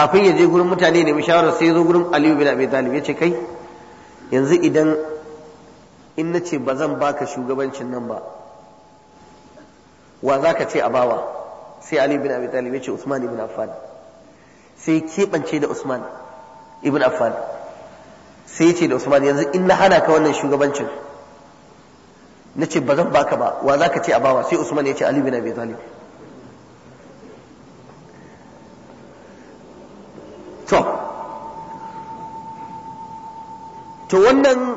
kafin ya je gurin mutane ne shawarar sai ya zo gurin Aliyu bin Abi Talib ya ce kai yanzu idan in na ce ba zan baka shugabancin nan ba wa za ka ce a bawa sai Aliyu bin Abi Talib ya ce Usman ibn Affan sai keɓance da Usman ibn Affan sai ya ce da Usman yanzu in na hana ka wannan shugabancin na ce ba zan baka ba wa za ka ce a bawa sai Usman ya ce Aliyu bin Abi Talib to wannan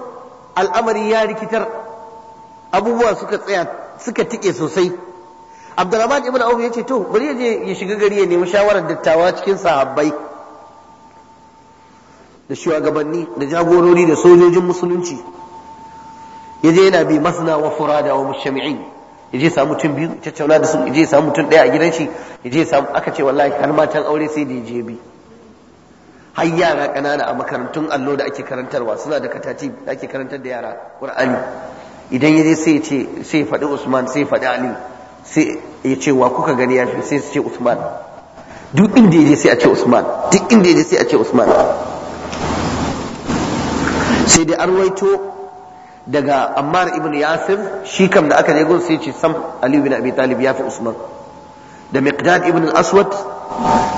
al'amari ya rikitar abubuwa suka tsaya suka tike sosai abdurrahman ibn auf yace to bari ya je ya shiga gari ya nemi shawarar dattawa cikin sahabbai da shugabanni da jagorori da sojojin musulunci ya je yana bi masna wa furada wa mushami'in ya je samu mutum biyu tattauna da su ya je samu mutum ɗaya a gidan shi ya je samu aka ce wallahi har matan aure sai da ya je har yara ƙanana a makarantun allo da ake karantarwa suna da katati da ake karantar da yara ƙur'ani idan ya zai sai ce sai faɗi usman sai faɗi ali sai ya ce wa kuka gani ya sai su ce usman duk inda ya je sai a ce usman duk inda ya je sai a ce usman sai dai arwaito daga ammar ibn yasir shi kam da aka je gun sai ce sam ali bin abi talib ya fi usman da miqdad ibn al-aswad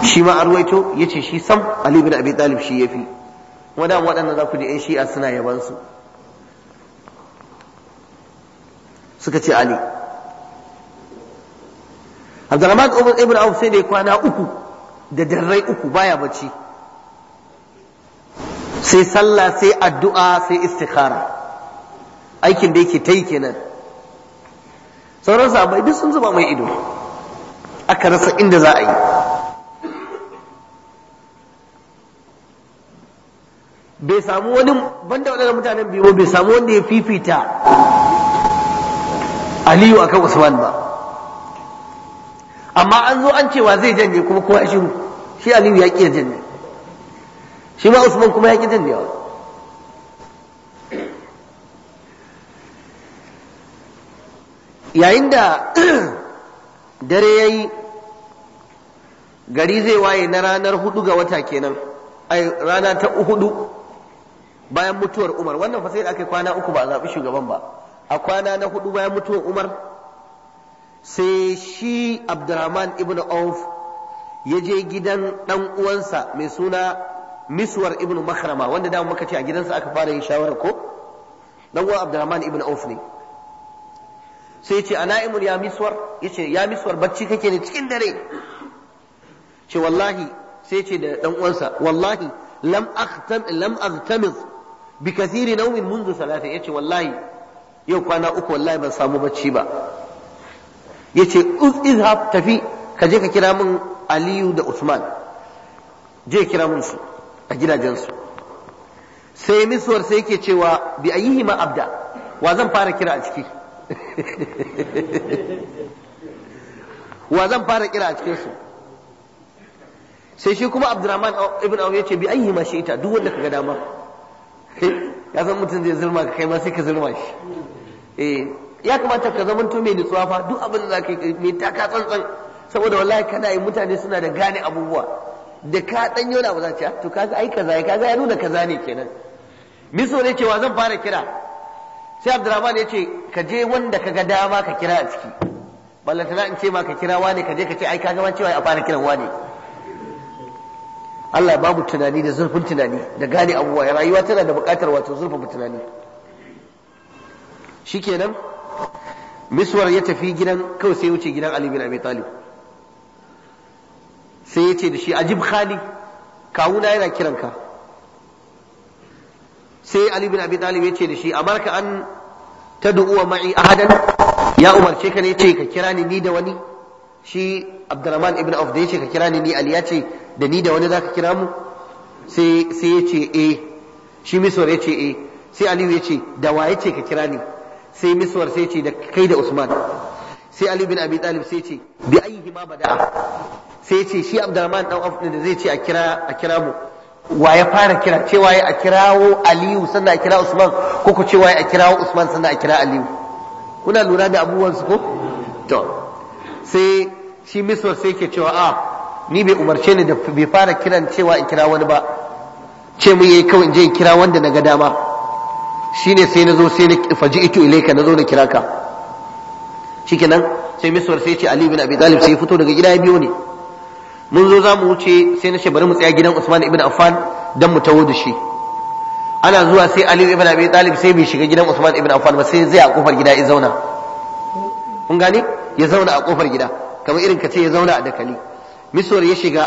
shi ma arwaito yace shi sam ali ibn abi talib shi yafi wadan waɗannan za ku ji yan shi'a suna yaban su suka ce ali Abdurrahman ibn Auf sai da kwana uku da darrai uku baya bacci sai sallah sai addu'a sai istikhara aikin da yake ta yi kenan sauran sahabbai duk sun zuba mai ido aka rasa inda za a yi bai samu wani banda wadanda mutanen biyu bai samu wanda ya fifita aliyu akan usman ba amma an zo an cewa zai janye kuma kuma, ya shiru shi aliyu ya ƙi janye shi ma usman kuma ya ƙi janyewa yayin da dare ya yi gari zai waye na ranar hudu ga wata kenan ai rana ta hudu bayan mutuwar umar wannan fa sai da aka yi kwana uku ba a zaɓi shugaban ba a kwana na hudu bayan mutuwar umar sai shi abdurrahman ibn auf ya je gidan ɗan uwansa mai suna miswar ibn makarama wanda da muka ce a gidansa aka fara yin shawarar ko ɗan uwan abdurrahman ibn auf ne sai ce ana imur ya miswar yace ya miswar bacci kake ne cikin dare ce wallahi sai ce da dan uwansa wallahi lam akhtam lam aghtamiz bi kathiri nawmin منذ salati yace wallahi yau kwana uku wallahi ban samu bacci ba yace uz izhab tafi ka je ka kira min aliyu da usman je kira min su a gidajensu sai miswar sai yake cewa bi ayyihima abda wa zan fara kira a ciki wa zan fara kira a cikin su sai shi kuma abdurrahman ibn auf yace bi ayyi ma ta, duk wanda kaga dama ya san mutum zai zulma ka kai ma sai ka zulma shi eh ya kamata ka zama to mai nutsuwa fa duk abin da zaka yi mai taka tsantsan saboda wallahi kana yi mutane suna da gane abubuwa da ka dan yola ba za ta ah, to kaga ai kaza kaga ya nuna kaza ne kenan miso ne cewa zan fara kira sai abdurrahman ya ce ka je wanda ka ga dama ka kira a ciki na in ce ma ka kira wane ka je ka ce ai ka cewa a fara kiran wane Allah babu tunani da zurfin tunani da gane abubuwa rayuwa tana da buƙatar wato zurfin tunani Shi shikenan miswar ya tafi gidan kawai sai wuce gidan Ali bin Abi Talib sai ya ce da shi ajib khali kawuna yana kiranka sai Ali bin Abi Talib ce da shi amarka an tad'u ma'i ahadan ya umarce ka ne ce ka kira ni ni da wani shi Abdurrahman ibn Auf da ce ka kira ni ni Ali ya ce da ni da wani zaka kira mu sai sai ya ce eh shi ya ce eh sai Aliyu ce da wa ce ka kira ni sai misuwar sai ce da kai da Usman sai Ali bin Abi Talib sai ce bi ayyihi ma bada. sai ce shi Abdurrahman dan Auf da zai ce a kira a kira mu wa ya fara kira cewa ya a kirawo aliyu sannan a kira usman ko ku cewa ya a kirawo usman sannan a kira aliyu kuna lura da abubuwan su ko to sai shi miswar sai ke cewa a ah, ni bai umarce ni da bai fara kiran cewa in kira wani ba ce mu yayi kawai in je in kira wanda na ga dama shine sai na zo sai na faji itu ilaika na zo na kira ka shikenan sai miswar sai ce ali bin abi talib sai fito daga gida ya biyo ne mun zo za mu wuce sai na ce bari mu tsaya gidan Usman ibn Affan dan mu tawo da shi ana zuwa sai Ali ibn Abi Talib sai bai shiga gidan Usman ibn Affan ba sai zai a kofar gida ya zauna kun gane ya zauna a kofar gida kamar irin ka ce ya zauna a dakali Misor ya shiga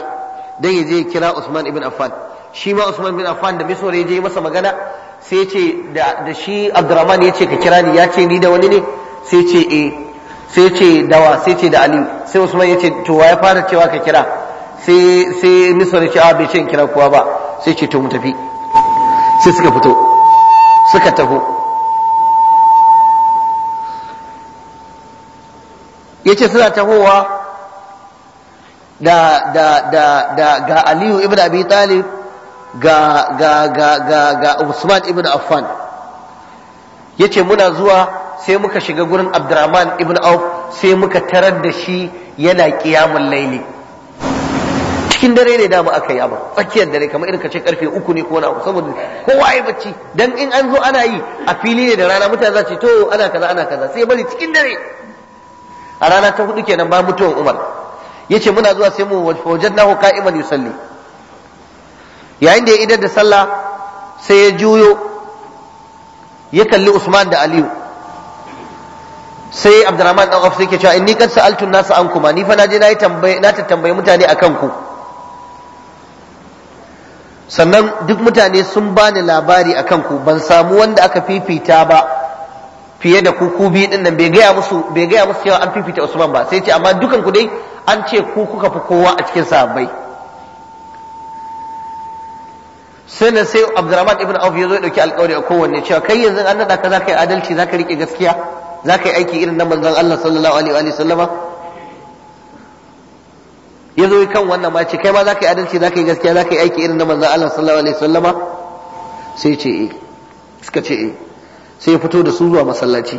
dan ya je kira Usman ibn Affan shi ma Usman ibn Affan da Misor ya je masa magana sai ce da shi Abdurrahman ya ce ka kira ni ya ce ni da wani ne sai ce eh sai ce dawa sai ce da Ali sai Usman ya ce to wa ya fara cewa ka kira sai sai misra ce a ah, bai ce kira kowa ba sai ce to mu tafi sai suka fito suka taho yace suna tahowa da da da da ga Aliyu ibn Abi Talib ga ga ga ga ga Usman ibn Affan yace muna zuwa sai muka shiga gurin Abdurrahman ibn Auf sai muka tarar da shi yana qiyamul layli cikin dare ne dama aka yi abin tsakiyar dare kamar irin kace karfe uku ne ko wani abu saboda kowa ya bacci dan in an zo ana yi a fili ne da rana mutane za su to ana kaza ana kaza sai bari cikin dare a rana ta hudu kenan ba mutuwan Umar yace muna zuwa sai mu wajadnahu qa'iman yusalli yayin da ya idar da sallah sai ya juyo ya kalli Usman da Aliyu sai Abdurrahman dan afsa yake cewa inni qad sa'altu an-nasa ankum ni fa naje nayi tambaye na ta tambaye mutane akan ku sannan duk mutane sun bani labari a kanku ban samu wanda aka fifita ba fiye da kuku biyu din nan bai gaya musu yawa cewa an fifita Usman ba sai ce amma dukan ku dai an ce ku kuka fi kowa a cikin sahabbai sai na sai Abdurrahman ibn Auf ya zo ya dauki alƙawari a kowanne cewa kai yanzu an nada ka zaka yi adalci zaka rike gaskiya zaka yi aiki irin na manzon Allah sallallahu alaihi wa sallama ya zo kan wannan ma ce kai ma za ka yi adalci za ka yi gaskiya za ka yi aiki irin na manzan Allah sallallahu alaihi wasallama sai ce eh suka ce eh sai ya fito da su zuwa masallaci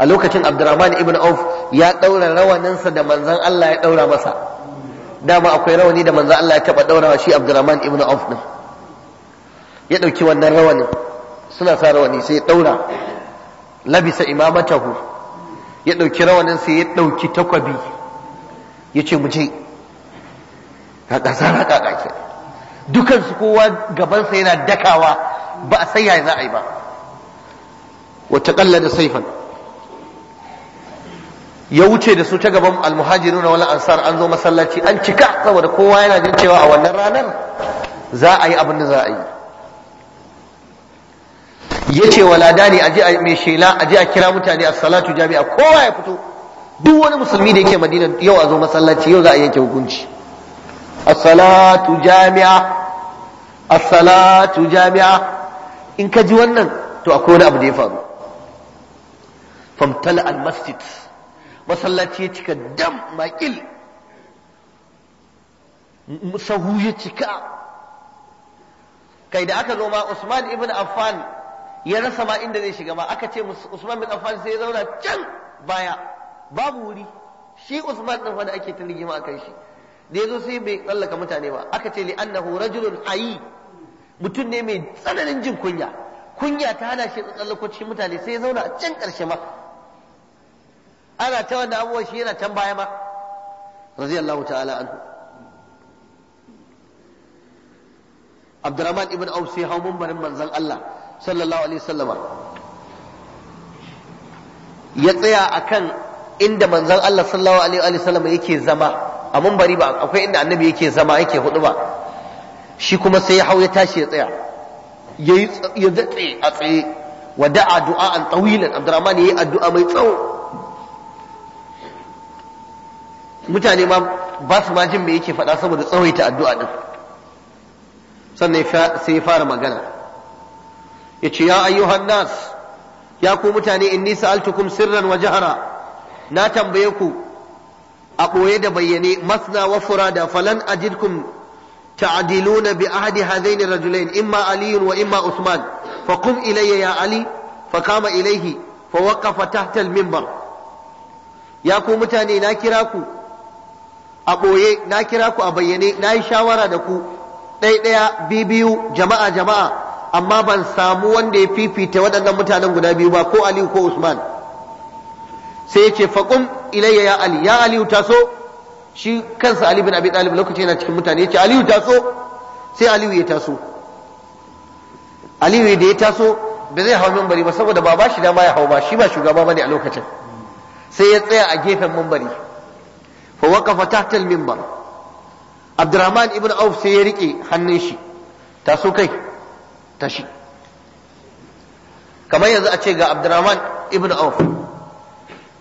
a lokacin Abdurrahman ibn Auf ya daura rawaninsa da manzan Allah ya daura masa dama akwai rawani da manzan Allah ya taba daurawa shi Abdurrahman ibn Auf din ya dauki wannan rawanin suna sa rawani sai ya daura labisa imamatahu ya dauki rawanin sai ya dauki takwabi ya ce mu je ƙasa na ƙaƙaƙe. ke dukansu kowa gabansa yana dakawa ba a sai za a yi ba wata ƙalla da saifan ya wuce da su ta gaban almuhajiru na wani ansar an zo masallaci an cika saboda kowa yana jin cewa a wannan ranar za a yi abin da za a yi ya ce wa ladani a ji mai shela a ji a kira mutane a salatu jami'a kowa ya fito duk wani musulmi da yake madina yau a zo masallaci yau za a yanke hukunci as-salatu jami'a as-salatu jami'a in ka ji wannan to akwai wani abu da ya faru famtala al-masjid masallaci ya cika dam makil sahu ya cika kai da aka zo ma Usman ibn Affan ya rasa ma inda zai shiga ma aka ce Usman ibn Affan sai ya zauna can baya babu wuri shi Usman din da ake ta rigima akan shi da yazo sai bai tsallaka mutane ba aka ce li annahu rajulun ayi mutum ne mai tsananin jin kunya kunya ta hana shi tsallako cikin mutane sai ya zauna a can karshe ma ana ta wanda abuwa shi yana can baya ma radiyallahu ta'ala anhu Abdurrahman ibn Auf sai hawo mumbarin manzan Allah sallallahu alaihi wasallama ya tsaya akan inda manzon Allah sallallahu alaihi wa sallam yake zama a munbari ba akwai inda annabi yake zama yake hudu ba shi kuma sai ya hau ya tashi ya tsaya ya datse a tsaye wa da'a an tawilan Abdurrahman yayi addu'a mai tsawo mutane ma ba su ma jin me yake faɗa saboda tsawaita addu'a din sannan sai ya fara magana Ya ce ya ayyuhan nas ya ku mutane inni sa'altukum sirran wa jahra na tambaye ku a ɓoye da bayyane masna wa furada falan ajidkum ta'diluna bi ahadi hadaini rajulain imma aliyun wa imma usman fa qum ilayya ya ali fa kama ilayhi fa waqafa tahta al-minbar ya ku mutane na kira ku a ɓoye na kira ku a bayyane na yi shawara da ku ɗaya bibiyu biyu jama'a jama'a amma ban samu wanda ya fifita waɗannan mutanen guda biyu ba ko aliyu ko usman sai ya ce faqum ilayya ya ali ya aliyu taso shi kansa ali bin abi talib lokacin yana cikin mutane ya ce aliyu taso sai aliyu ya taso aliyu da ya taso ba zai hau mimbari ba saboda ba bashi dama ya hau ba shi ba shugaba bane a lokacin sai ya tsaya a gefen mimbari fa waqafa tahta al-minbar Abdurrahman ibn Auf sai ya rike hannun shi taso kai tashi kamar yanzu a ce ga Abdurrahman ibn Auf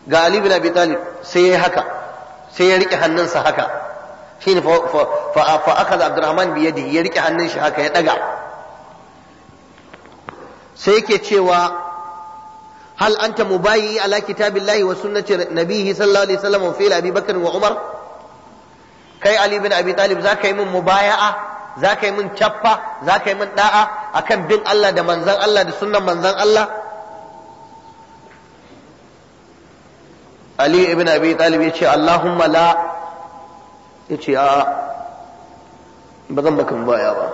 ga Ali bin Abi Talib sai ya haka sai ya rike hannunsa haka shine fa fa akhadha Abdurrahman bi yadihi ya rike hannun shi haka ya daga sai yake cewa hal anta mubayi ala kitabillahi wa sunnati nabihi sallallahu alaihi wasallam fi Abi Bakr wa Umar kai Ali bin Abi Talib zaka yi min mubaya'a za ka yi min cappa za ka yi min da'a akan bin Allah da manzan Allah da sunnan manzan Allah ali ibn abi talib ya ce allahumma la ya ce a ba zan maka mubaya ba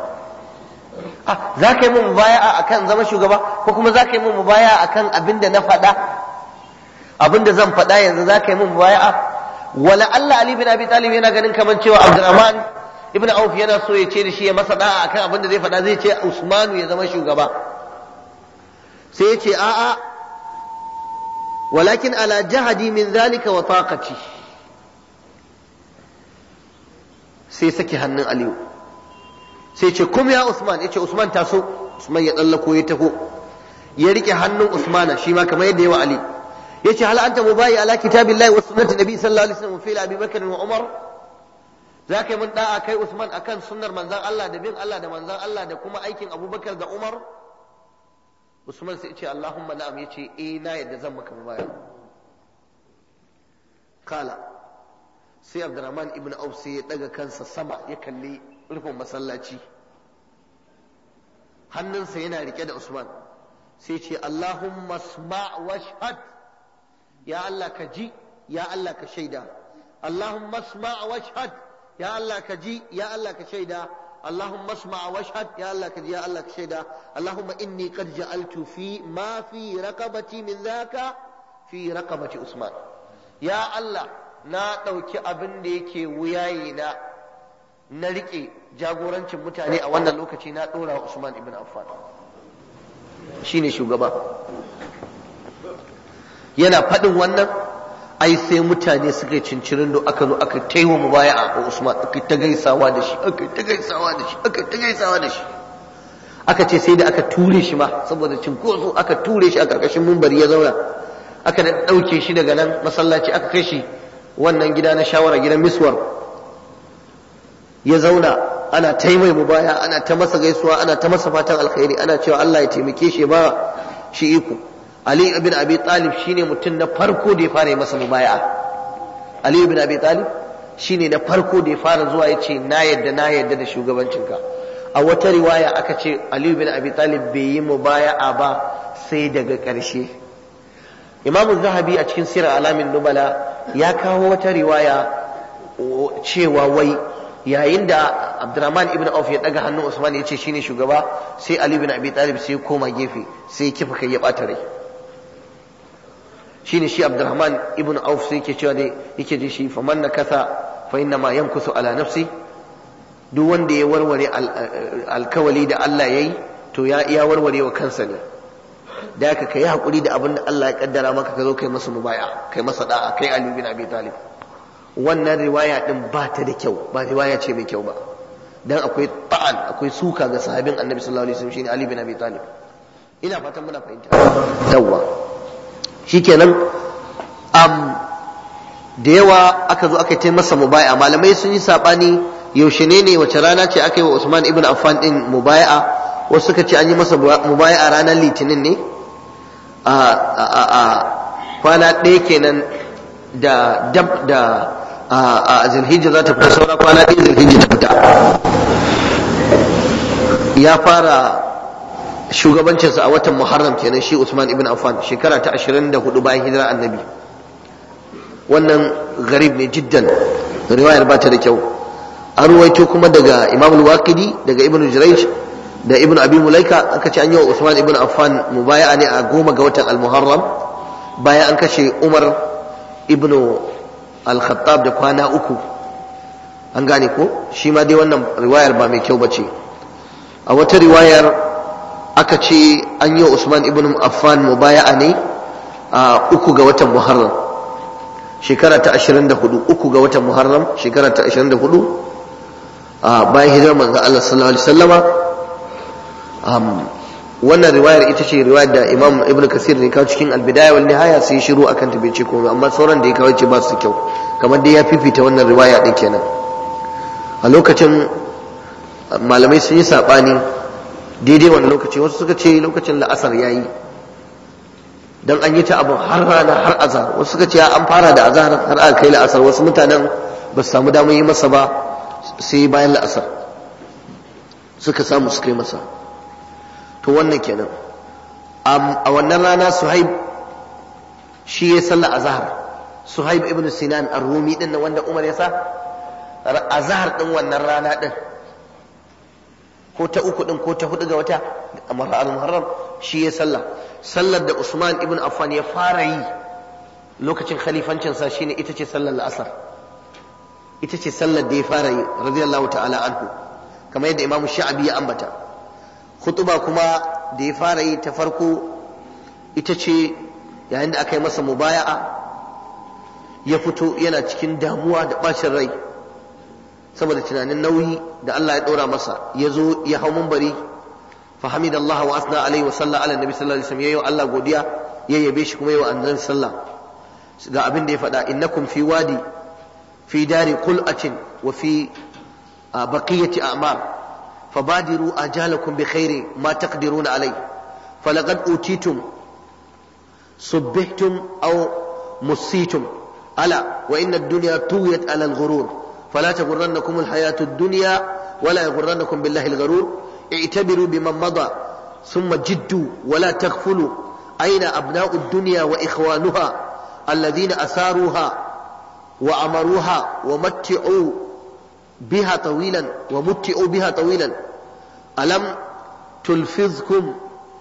ah za ka yi mu mubaya akan zama shugaba ko kuma za ka yi mu mubaya akan abin da na faɗa abin da zan faɗa yanzu za ka yi mu mubaya ah, wala Allah ali ibn abi talib yana ganin kamar cewa abdurrahman ibn auf yana so ya ce da shi ya masa da'a akan abin da zai faɗa zai ce usmanu ya zama shugaba sai ya ce a'a walakin ala jahadi min zalika wa taqati sai saki hannun aliyu sai ce kuma ya usman ya ce usman taso usman ya tsallako ya taho ya rike hannun usmana shi ma kamar yadda yawa ali ya ce hal anta mubayi ala kitabillahi wa sunnati nabi sallallahu alaihi wasallam fi abi bakr wa umar za kai mun da'a kai usman akan sunnar manzan allah da bin allah da manzan allah da kuma aikin abubakar da umar usman sai ce allahumma na'am yace eh na yadda zan maka baya kala sai abdurrahman ibn auf sai ya daga kansa sama ya kalli rufin masallaci hannunsa yana rike da usman sai ce allahumma sma' washhad ya allah ka ji ya allah ka shaida allahumma sma' washhad ya allah ka ji ya allah ka shaida اللهم اسمع واشهد يا الله كجي يا الله كشيدا اللهم إني قد جعلت في ما في رقبتي من ذاك في رقبة عثمان يا الله na ɗauki abin da yake wuyaye na na riƙe jagorancin mutane a wannan lokaci na ɗora wa Usman ibn Affan shine shugaba yana faɗin wannan ai sai mutane suka cincirin da aka zo aka taiwa mu baya a Usman aka ta gaisawa da shi aka ta gaisawa da shi aka ta gaisawa da shi aka ce sai da aka ture shi ma saboda cinkoso aka ture shi a karkashin mumbari ya zauna aka da dauke shi daga nan masallaci aka kai shi wannan gida na shawara gidan miswar ya zauna ana taimai mu baya ana ta masa gaisuwa ana ta masa fatan alkhairi ana cewa Allah ya taimake shi ba shi iko ali ibn abi talib shine mutum na farko da ya fara yi masa mubaya'a ali ibn abi talib shine na farko da ya fara zuwa yace na yadda na yadda da shugabancinka a wata riwaya aka ce ali ibn abi talib bai yi mubaya'a ba sai daga ƙarshe imamu zahabi a cikin sirar alamin nubala ya kawo wata riwaya cewa wai yayin da abdurrahman ibn auf ya daga hannun usman ya ce shine shugaba sai ali ibn abi talib sai koma gefe sai kifa kai ya bata rai shine shi Abdurrahman ibn Auf sai yake cewa dai yake ji shi fa man nakasa fa inna ma yankusu ala nafsi duk wanda ya warware alkawali da Allah yayi to ya iya warware wa kansa ne da haka kai hakuri da abin da Allah ya kaddara maka ka zo kai masa mubaya kai masa da'a kai Ali bin Abi Talib wannan riwaya din ba ta da kyau ba riwaya ce mai kyau ba dan akwai ta'an akwai suka ga sahabin Annabi sallallahu alaihi wasallam ne Ali bin Abi Talib ina fatan muna fahimta yawwa shikenan am da yawa aka zo aka yi masa mubaya malamai sun yi sabani yaushe ne ne wace rana ce aka yi wa Usman ibn Affan din mubaya wasu suka ce an yi masa mubaya a ranar litinin ne a kwana ɗaya kenan da dab da a zulhijja za ta fita saura kwana ɗaya zulhijja ta fita ya fara shugabancinsa a watan muharram kenan shi usman ibn affan shekara ta 24 bayan hijira annabi wannan garib ne jiddan riwayar ba ta da kyau an ruwaito kuma daga imam al-waqidi daga ibn jurayj da ibn abi mulaika aka ce an yi wa usman ibn affan mubaya'a ne a goma ga watan al-muharram bayan an kashe umar ibn al-khattab da kwana uku an gane ko shi ma dai wannan riwayar ba mai kyau bace a wata riwayar aka ce an yi usman ibn affan mubaya'a ne a uku ga watan muharram shekara ta 24 uku ga watan muharram shekara ta 24 a bayan hijirar manzo Allah sallallahu alaihi wasallama wannan riwayar ita ce riwayar da imam ibn kasir ne kawo cikin albidaya wal nihaya sai shiru akan ta bai ce komai amma sauran da ya kawo ce ba su kyau kamar dai ya fifita wannan riwaya din kenan a lokacin malamai sun yi sabani daidai wani lokaci wasu suka ce lokacin la'asar ya yi don an yi ta abin har rana har azhar wasu suka ce an fara da azhar har aka kai la'asar wasu mutanen ba su samu damar yi masa ba sai bayan la'asar suka samu su kai masa to wannan kenan a wannan rana suhaib shi ya sallah azhar suhaib ibn sinan ar-rumi din wanda umar ya sa azhar din wannan rana din ko ta uku din ko ta hudu ga wata al muharram shi ya sallah sallar da usman ibn affan ya fara yi lokacin khalifancinsa shine ita ce sallar la'asar ita ce sallar da ya fara yi radiyallahu ta'ala anhu kamar yadda imamu sha'abi ya ambata khutuba kuma da ya fara yi ta farko ita ce yayin da aka yi masa mubaya'a ya fito yana cikin damuwa da bacin rai saboda tunanin nauyi da Allah ya ɗora masa ya zo ya hau mumbari fa hamidallahu wa asna alaihi wa sallallahu ala nabi sallallahu alaihi wasallam yayi Allah godiya ya yabe shi kuma yayi annabi sallallahu ga abin da ya faɗa innakum fi wadi fi dari qul'atin wa fi baqiyati a'mar fabadiru ajalakum bi khairi ma taqdiruna alai falaqad utitum subbihtum aw musitum ala wa inna ad-dunya tuwiyat ala al-ghurur فلا تغرنكم الحياة الدنيا ولا يغرنكم بالله الغرور اعتبروا بمن مضى ثم جدوا ولا تغفلوا أين أبناء الدنيا وإخوانها الذين أثاروها وأمروها ومتعوا بها طويلا ومتعوا بها طويلا ألم تلفظكم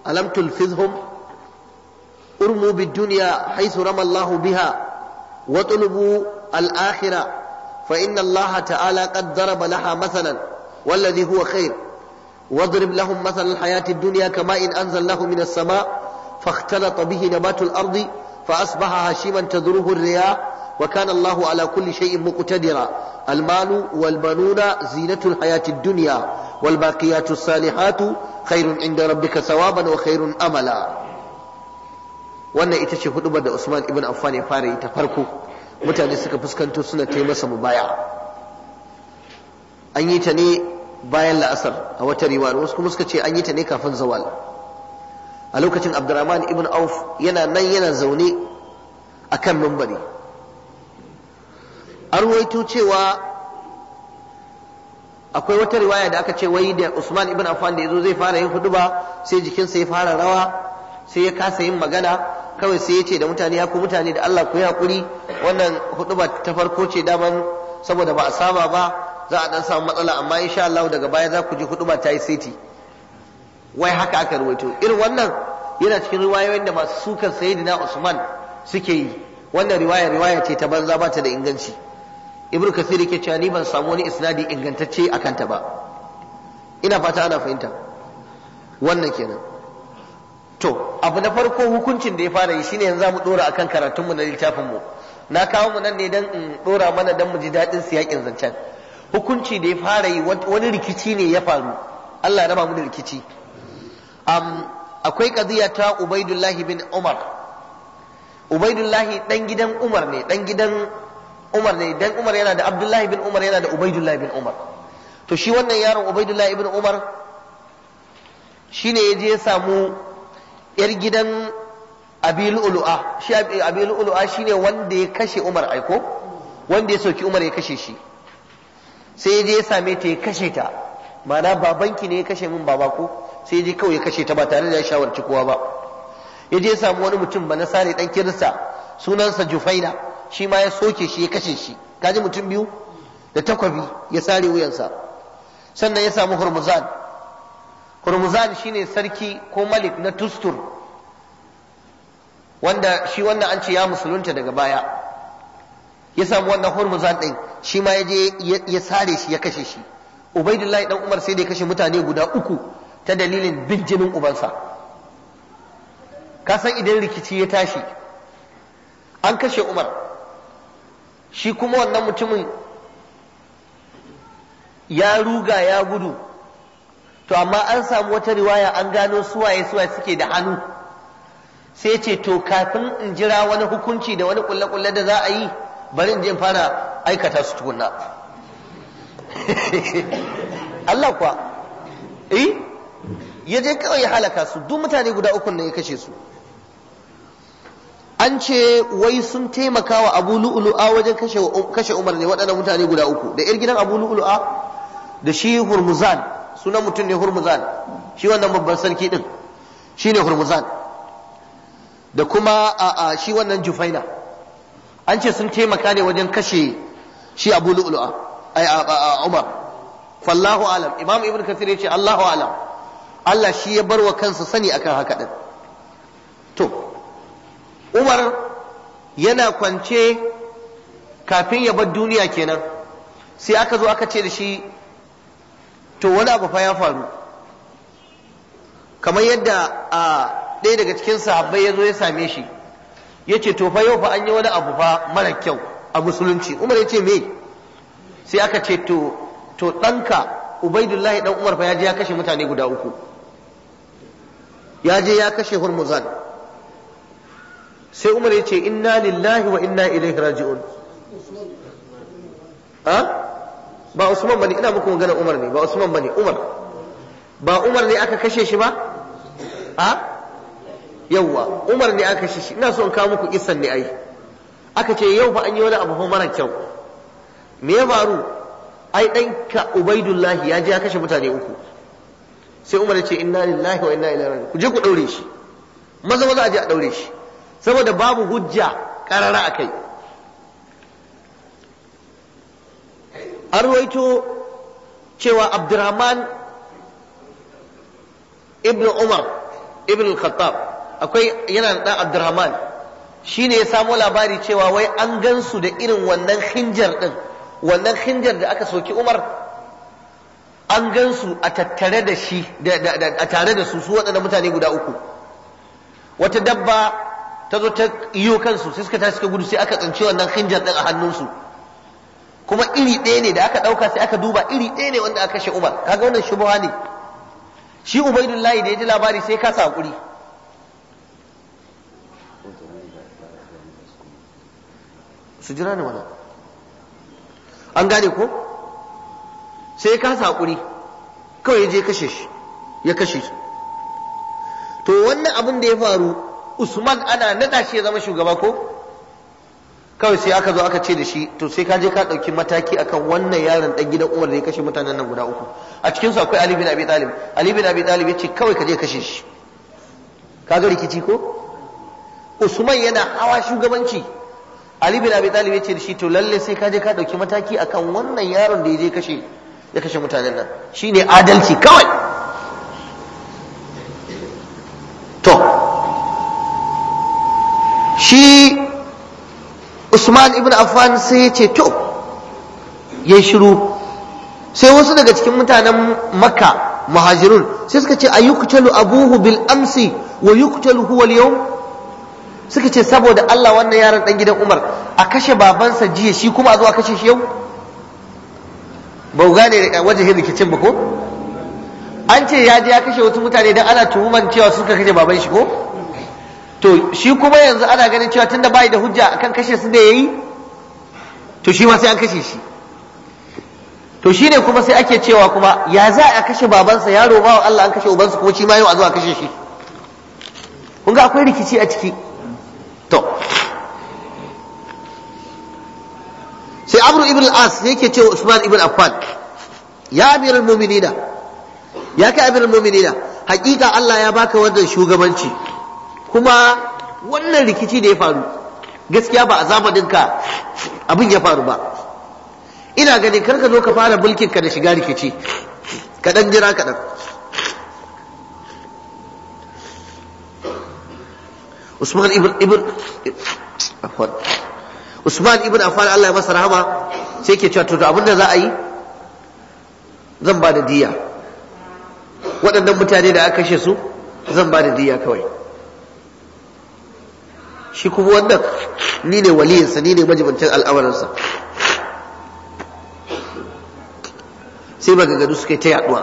ألم تلفظهم ارموا بالدنيا حيث رمى الله بها واطلبوا الآخرة فإن الله تعالى قد ضرب لها مثلا والذي هو خير واضرب لهم مثل الحياة الدنيا كماء إن أنزلناه من السماء فاختلط به نبات الأرض فأصبح هشيما تذروه الرياح وكان الله على كل شيء مقتدرا المال والبنون زينة الحياة الدنيا والباقيات الصالحات خير عند ربك ثوابا وخير أملا wannan ita ce hudubar da Usman ibn Affan ya fara yi ta farko mutane suka fuskanto suna ta masa mubaya an yi ta ne bayan la'asar a wata riwaya wasu kuma suka ce an yi ta ne kafin zawal a lokacin abdurrahman ibn auf yana nan yana zaune a kan mambari an cewa akwai wata riwaya da aka ce wai da usman ibn affan da ya zo zai fara yin huduba sai jikinsa ya fara rawa sai ya kasa yin magana kawai sai ya ce da mutane ya ku mutane da Allah ku ya hakuri wannan huduba ta farko ce daman saboda ba a saba ba za a dan samu matsala amma insha Allah daga baya za ku ji huduba ta yi siti wai haka aka ruwaito irin wannan yana cikin riwayoyin da masu sukan sayyidina Usman suke yi wannan riwaya riwaya ce ta banza ba ta da inganci ibnu kasir yake cewa ni ban samu wani isnadi ingantacce akan ta ba ina fata ana fahimta wannan kenan to abu na farko hukuncin da ya fara yi shine yanzu za mu dora akan karatunmu na littafin mu na kawo mu nan ne dan in dora mana dan mu ji dadin siyakin zancen hukunci da ya fara yi wani rikici ne ya faru Allah raba mu da rikici akwai qadiya ta Ubaidullahi bin Umar Ubaidullahi dan gidan Umar ne dan gidan Umar ne dan Umar yana da Abdullahi bin Umar yana da Ubaidullahi bin Umar to shi wannan yaron Ubaidullahi bin Umar shine ya je ya samu yar gidan abilu ulu'a shi abilu ulu'a ne wanda ya kashe umar aiko wanda ya sauki umar ya kashe shi sai je ya same ta ya kashe ta ma'ana babanki ne ya kashe min baba ko sai ya je kawai ya kashe ta ba tare da ya shawarci kowa ba ya je ya samu wani mutum ba na sare dan kirista sunansa jufaina shi ma ya soke shi ya kashe shi kaji mutum biyu da takwabi ya sare wuyansa sannan ya samu hurmuzan hurmuzan shine sarki ko malik na tustur wanda shi wannan an ce ya musulunta daga baya ya samu wannan hurmuzan ɗin, shi ma ya je ya sare shi ya kashe shi ubaidullahi dan umar sai da ya kashe mutane guda uku ta dalilin bin jinin ubansa kasan idan rikici ya tashi an kashe umar shi kuma wannan mutumin ya ruga ya gudu to amma an samu wata riwaya an gano suwaye suwaye suke da hannu sai ce to kafin in jira wani hukunci da wani kulle-kulle da za a yi bari in je fara aikata su tukunna Allah kuwa eh ya je kawai ya halaka su duk mutane guda uku ne ya kashe su an ce wai sun taimaka wa abu lu'ulu'a wajen kashe umar ne waɗannan mutane guda uku da yar gidan abu lu'ulu'a da shi hurmuzan sunan mutum ne hurmuzan shi wannan babban sarki din shi ne hurmuzan da kuma a shi wannan jufaina an ce sun taimaka ne wajen kashe shi abu lu'lu'a a umar fallahu alam imam ibn kathir ya ce allahu alam allah shi ya bar wa kansa sani akan haka din to umar yana kwance kafin ya bar duniya kenan sai aka zo aka ce da shi to wani abu fa ya faru kamar yadda a ɗaya daga cikin sahabbai ya zo ya same shi ya ce to fa yau fa an yi wani abu fa mara kyau a musulunci umar ya ce me sai aka ce to ɗanka ubaidullahi ɗan umar fa ya je ya kashe mutane guda uku ya je ya kashe hurmuzan sai umar ya ce inna lillahi wa inna ilaihi raji'un ha ba Usman bane ina muku magana Umar ne ba Usman bane Umar ba Umar ne aka kashe shi ba a yawwa Umar ne aka kashe shi ina so in kawo muku kissan ne ai aka ce yau fa an yi wani abu mara kyau me ya faru ai dan ka Ubaidullah ya je ya kashe mutane uku sai Umar ya ce inna lillahi wa inna ilaihi raji'un ku je ku daure shi maza maza a je a daure shi saboda babu hujja karara akai an cewa abdurrahman ibn umar ibn al-khattab akwai yana da abdurrahman shi ne ya samo labari cewa wai an gansu da irin wannan hinjar din wannan hinjar da aka soki umar an gansu a tattare da shi a tare da su su waɗanda mutane guda uku wata dabba ta zo ta iyo kansu sai suka tashi suka gudu sai aka tsinci wannan hinjar din a hannunsu kuma iri ɗaya ne da aka ɗauka sai aka duba iri ɗaya ne wanda aka sha'uba, kaga wannan shubuha ne shi ubaidullahi da ya ji labari sai ka saƙuri su jira ne wannan an gane ko sai ka saƙuri kawai ya je kashe shi ya kashe shi to wannan abin da ya faru usman ana naɗa shi ya zama shugaba ko kawai sai aka zo aka ce da shi to sai ka je ka ɗauki mataki akan wannan yaron ɗan gidan umar da ya kashe mutanen nan guda uku a cikin su akwai ali bin abi talib ali bin abi talib yace kawai ka je kashe shi ka ga rikici ko usman yana hawa shugabanci ali bin abi talib yace da shi to lalle sai ka je ka ɗauki mataki akan wannan yaron da ya je kashe ya kashe mutanen nan shine adalci kawai to shi usman ibn affan sai ya ce to ya shiru sai wasu daga cikin mutanen makka muhajirun sai suka ce ayyuktalu abuhu bil amsi wa yuktalu huwa al yawm suka ce saboda Allah wannan yaron dan gidan Umar a kashe babansa jiya shi kuma a zo a kashe shi yau ba gane da wajen rikicin ba ko an ce ya je ya kashe wasu mutane dan ana tuhuman cewa suka kashe baban shi ko to shi kuma yanzu ana ganin cewa tunda bai da hujja akan kashe su da yayi to shi ma sai an kashe shi to shine kuma sai ake cewa kuma ya za a kashe babansa yaro wa Allah an kashe ubansa kuma shi ma yau a zo a kashe shi kun ga akwai rikici a ciki to sai amru ibn al-as yake cewa usman ibn affan ya amiral mu'minina ya kai amiral mu'minina hakika Allah ya baka wannan shugabanci kuma wannan rikici da ya faru gaskiya ba a ka abin ya faru ba ina ganin karka zo ka fara mulkin ka da shiga rikici kaɗan jira kaɗan Usman ibn ibn Usman ibn Allah ya masa rahama sai ke cewa to abin da za a yi zan ba da diya waɗannan mutane da aka kashe su zan ba da diya kawai shi kuma wannan ni ne waliyinsa ni ne majibancin al'amarinsa sai ga suka yi ta yaduwa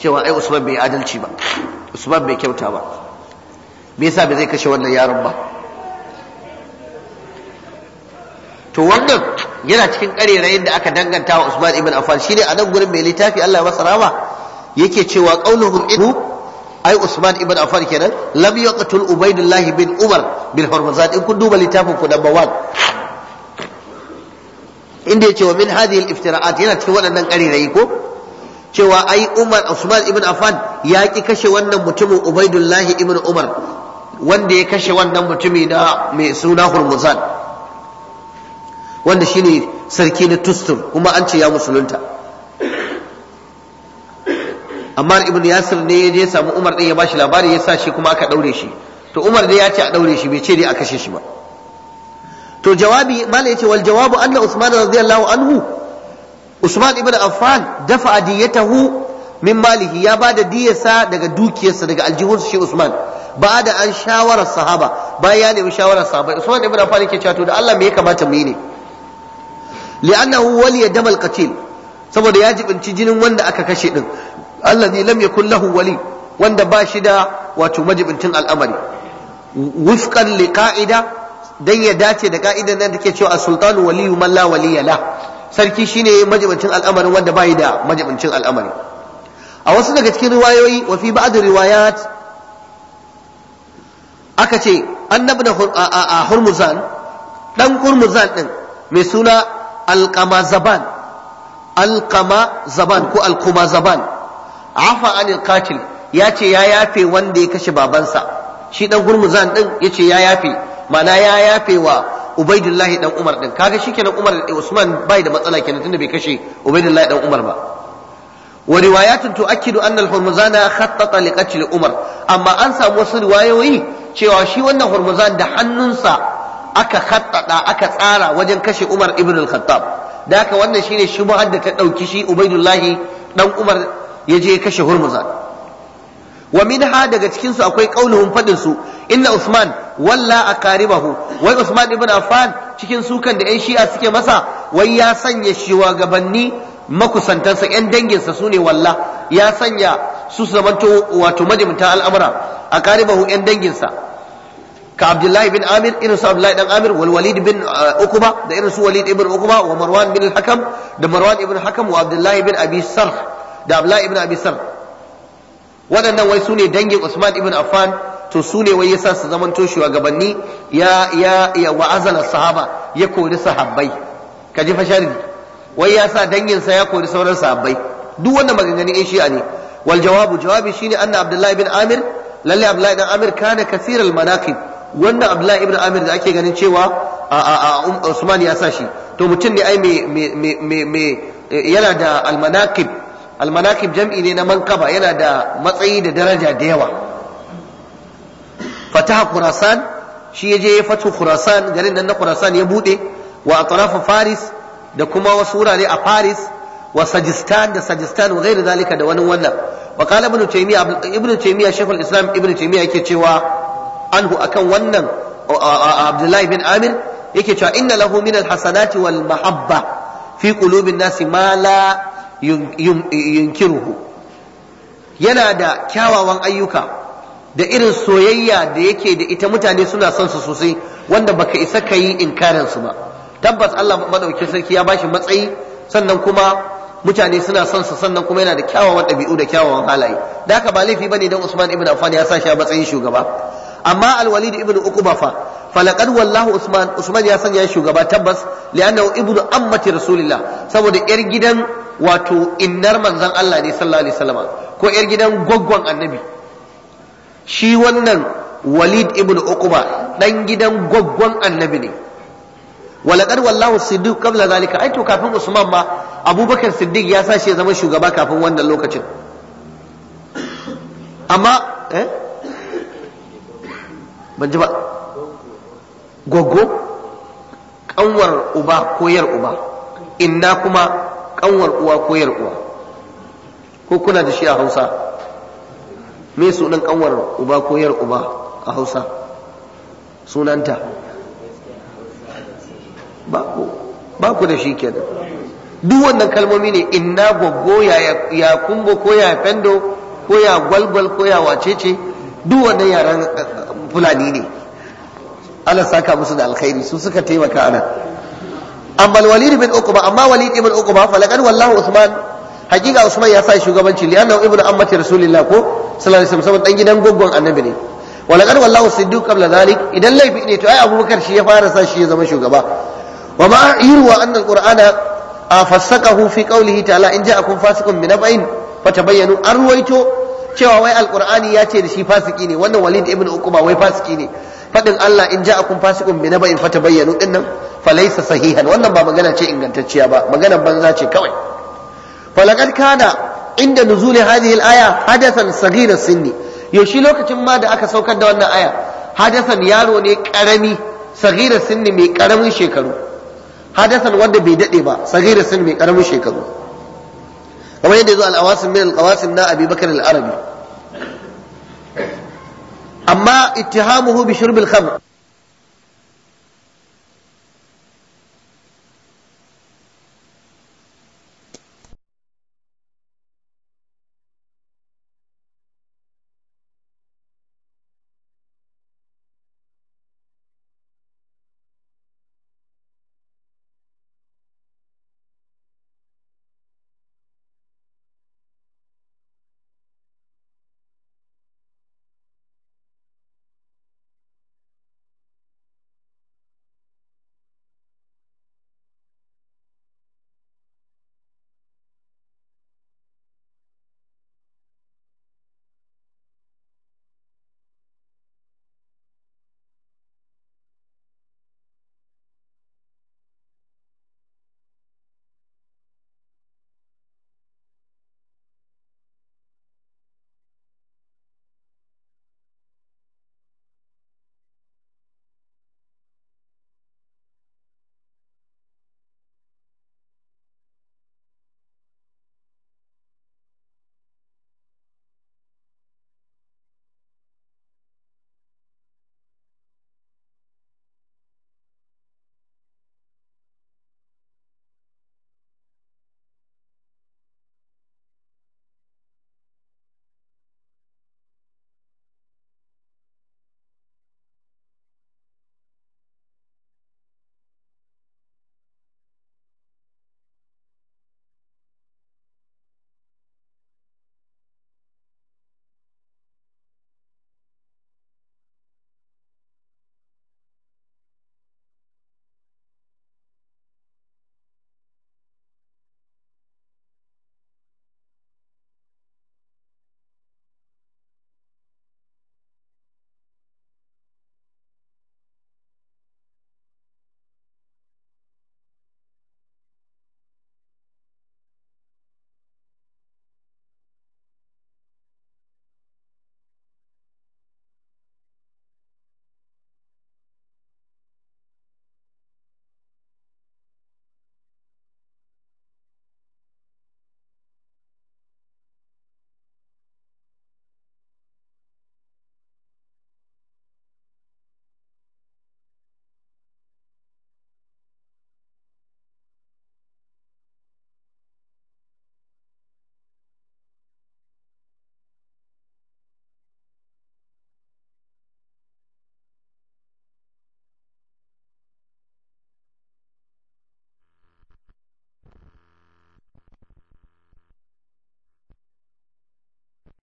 cewa ai usman bai adalci ba usman bai kyauta ba me yasa bai zai kashe wannan yaron ba to wannan yana cikin karerayin da aka danganta wa usman ibn affan shine a nan gurin mai littafi Allah masarawa yake cewa qauluhum ibnu ai Usman ibn Affan kenan lam yaqtul Ubaidulahi bin Umar bil Hurmuzan in kun duba littafin ku number 1 inda yace wa min hadhihi al iftira'at yana cikin waɗannan ƙarerayi ko cewa ai Umar Usman ibn Affan ya ki kashe wannan mutumin Ubaidulahi ibn Umar wanda ya kashe wannan mutumi na mai suna Hurmuzan wanda shine sarki na Tustur kuma an ce ya musulunta Amma ibn Yasir ne ya je samu Umar din ya bashi labari ya sa shi kuma aka daure shi to Umar dai ya ce a daure shi bai ce dai a kashe shi ba to jawabi mala yace wal jawabu anna Usman radiyallahu anhu Usman ibn Affan dafa diyatahu min malihi ya bada diyarsa daga dukiyarsa daga aljihunsa shi Usman ba da an shawarar sahaba Ba ya nemi shawarar sahaba Usman ibn Affan yake cewa to da Allah me ya kamata mu yi ne li'annahu waliya damal qatil saboda ya jibinci jinin wanda aka kashe din allazi lam ya kulla wali wanda ba shi da wato majibintin al'amari wufqan ka'ida qa'ida ya dace da ka'idan nan take cewa as-sultanu waliyu man la waliya la sarki shine majibincin al'amarin wanda ba yi da majibincin al'amari a wasu daga cikin riwayoyi wa fi ba'd riwayat aka ce annabi a hurmuzan dan hurmuzan din mai suna alqama zaban alqama zaban ko alquma zaban afa anil qatil ya ce ya yafe wanda ya kashe babansa shi dan gurmuzan din ya ce ya yafe mana ya yafe wa ubaidullahi dan umar din kaga kenan umar eh, usman bai da matsala kenan tunda bai kashe ubaidullahi dan umar ba wa riwayatun tu'akkidu anna al-hurmuzana khattata li qatl umar amma an samu wasu riwayoyi cewa shi wannan hurmuzan da hannunsa aka khattata aka tsara wajen kashe umar ibn al-khattab da haka wannan shine shubhar da ta dauki shi ubaidullahi dan umar ya je kashe hurmuzan wa minha daga cikinsu akwai kauluhun faɗin su inna usman walla a akaribahu wai usman ibn affan cikin sukan da yan shi'a suke masa wai ya sanya shugabanni makusantansa yan danginsa su ne walla ya sanya su zamanto wato majimta al'amura A akaribahu yan danginsa ka abdullahi bin amir irin su abdullahi dan amir wal walid bin ukuba uh, da irin su walid ibn ukuba wa marwan bin hakam da marwan ibn hakam wa abdullahi bin abi sarh da Abdullahi ibn Abi Sal waɗannan wai sune dangin Usman ibn Affan to su ne wai yasa su zamanto shugabanni ya ya ya wa'azala sahaba ya kori sahabbai ka ji fashari wai ya sa danginsa ya kori sauran sahabbai duk wannan maganganun in shi'a ne wal jawabu jawabi shine anna Abdullahi ibn Amir lalle Abdullahi ibn Amir kana kasiral manaqib wannan Abdullahi ibn Amir da ake ganin cewa a um, Usman ya sa shi to mutum ne ai me yana da almanaqib almanakib jam'i ne na mankaba yana da matsayi da daraja da yawa fataha khurasan shi ya je ya fatu khurasan garin nan na khurasan ya bude wa atrafa faris da kuma wasu wurare a faris wa sajistan da sajistan wa gairu zalika da wani wannan wa qala ibnu taymiya ibnu taymiya shaykhul islam ibnu taymiya yake cewa anhu akan wannan abdullahi bin amir yake cewa inna lahu min alhasanati wal mahabba fi qulubin nasi ma la yunkiruhu yana da kyawawan ayyuka da irin soyayya da yake da ita mutane suna son su sosai wanda baka isa ka yi inkarin su ba tabbas Allah madaukakin sarki ya bashi matsayi sannan kuma mutane suna son sa sannan kuma yana da kyawawan ɗabi'u da kyawawan halaye da haka ba laifi bane dan Usman ibn Affan ya sa shi a matsayin shugaba amma al-Walid ibn Uqba fa falaqad wallahu Usman Usman ya sanya shugaba tabbas li'annahu ibnu ammati rasulillah saboda yar gidan wato innar manzon Allah ne sallallahu alaihi wasallama ko yar gidan gwaggon annabi shi wannan walid ibnu uquba dan gidan gwaggon annabi ne walaqad wallahu siddiq qabla zalika ai to kafin usman ma abubakar siddiq ya sa shi ya zama shugaba kafin wannan lokacin amma eh ban ji ba gwaggo kanwar uba ko yar uba inna kuma kanwar uwa ko yar uwa ko kuna da shi a Hausa me sunan kanwar uba ko yar uba a Hausa sunanta ba ku da shi kenan duk wannan kalmomi ne inna goggo ya kungo ko ya fendo ko ya gwalgwal ko ya wacece duk wannan yaran eh, fulani ne Allah saka musu da alkhairi su suka taimaka ana amma walid bin uqba amma walid ibn uqba falaqad wallahu usman hakika usman ya sa shugabanci li annahu ibnu ammati rasulillah ko sallallahu alaihi wasallam dan gidan goggon annabi ne walaqad wallahu siddiq qabla dhalik idan laifi ne to ai abubakar shi ya fara sa shi ya zama shugaba wa ma yurwa anna alqur'ana fassakahu fi qawlihi ta'ala in ja'akum fasiqun binaba'in fatabayyanu an ruwaito cewa wai alqur'ani ya ce da shi fasiki ne wannan walid ibnu uqba wai fasiki ne faɗin Allah in ja'akum fasiqun bi naba'in fatabayyanu dinnan falaysa sahihan wannan ba magana ce ingantacciya ba magana banza ce kawai falaqad kana inda nuzuli hadhihi al-aya hadathan saghira sinni yaushe lokacin ma da aka saukar da wannan aya hadathan yaro ne karami saghira sinni mai karamin shekaru hadathan wanda bai dade ba saghira sinni mai karamin shekaru kamar yadda yazo al-awasim min al-qawasim na Abi Bakar al-Arabi أما اتهامه بشرب الخمر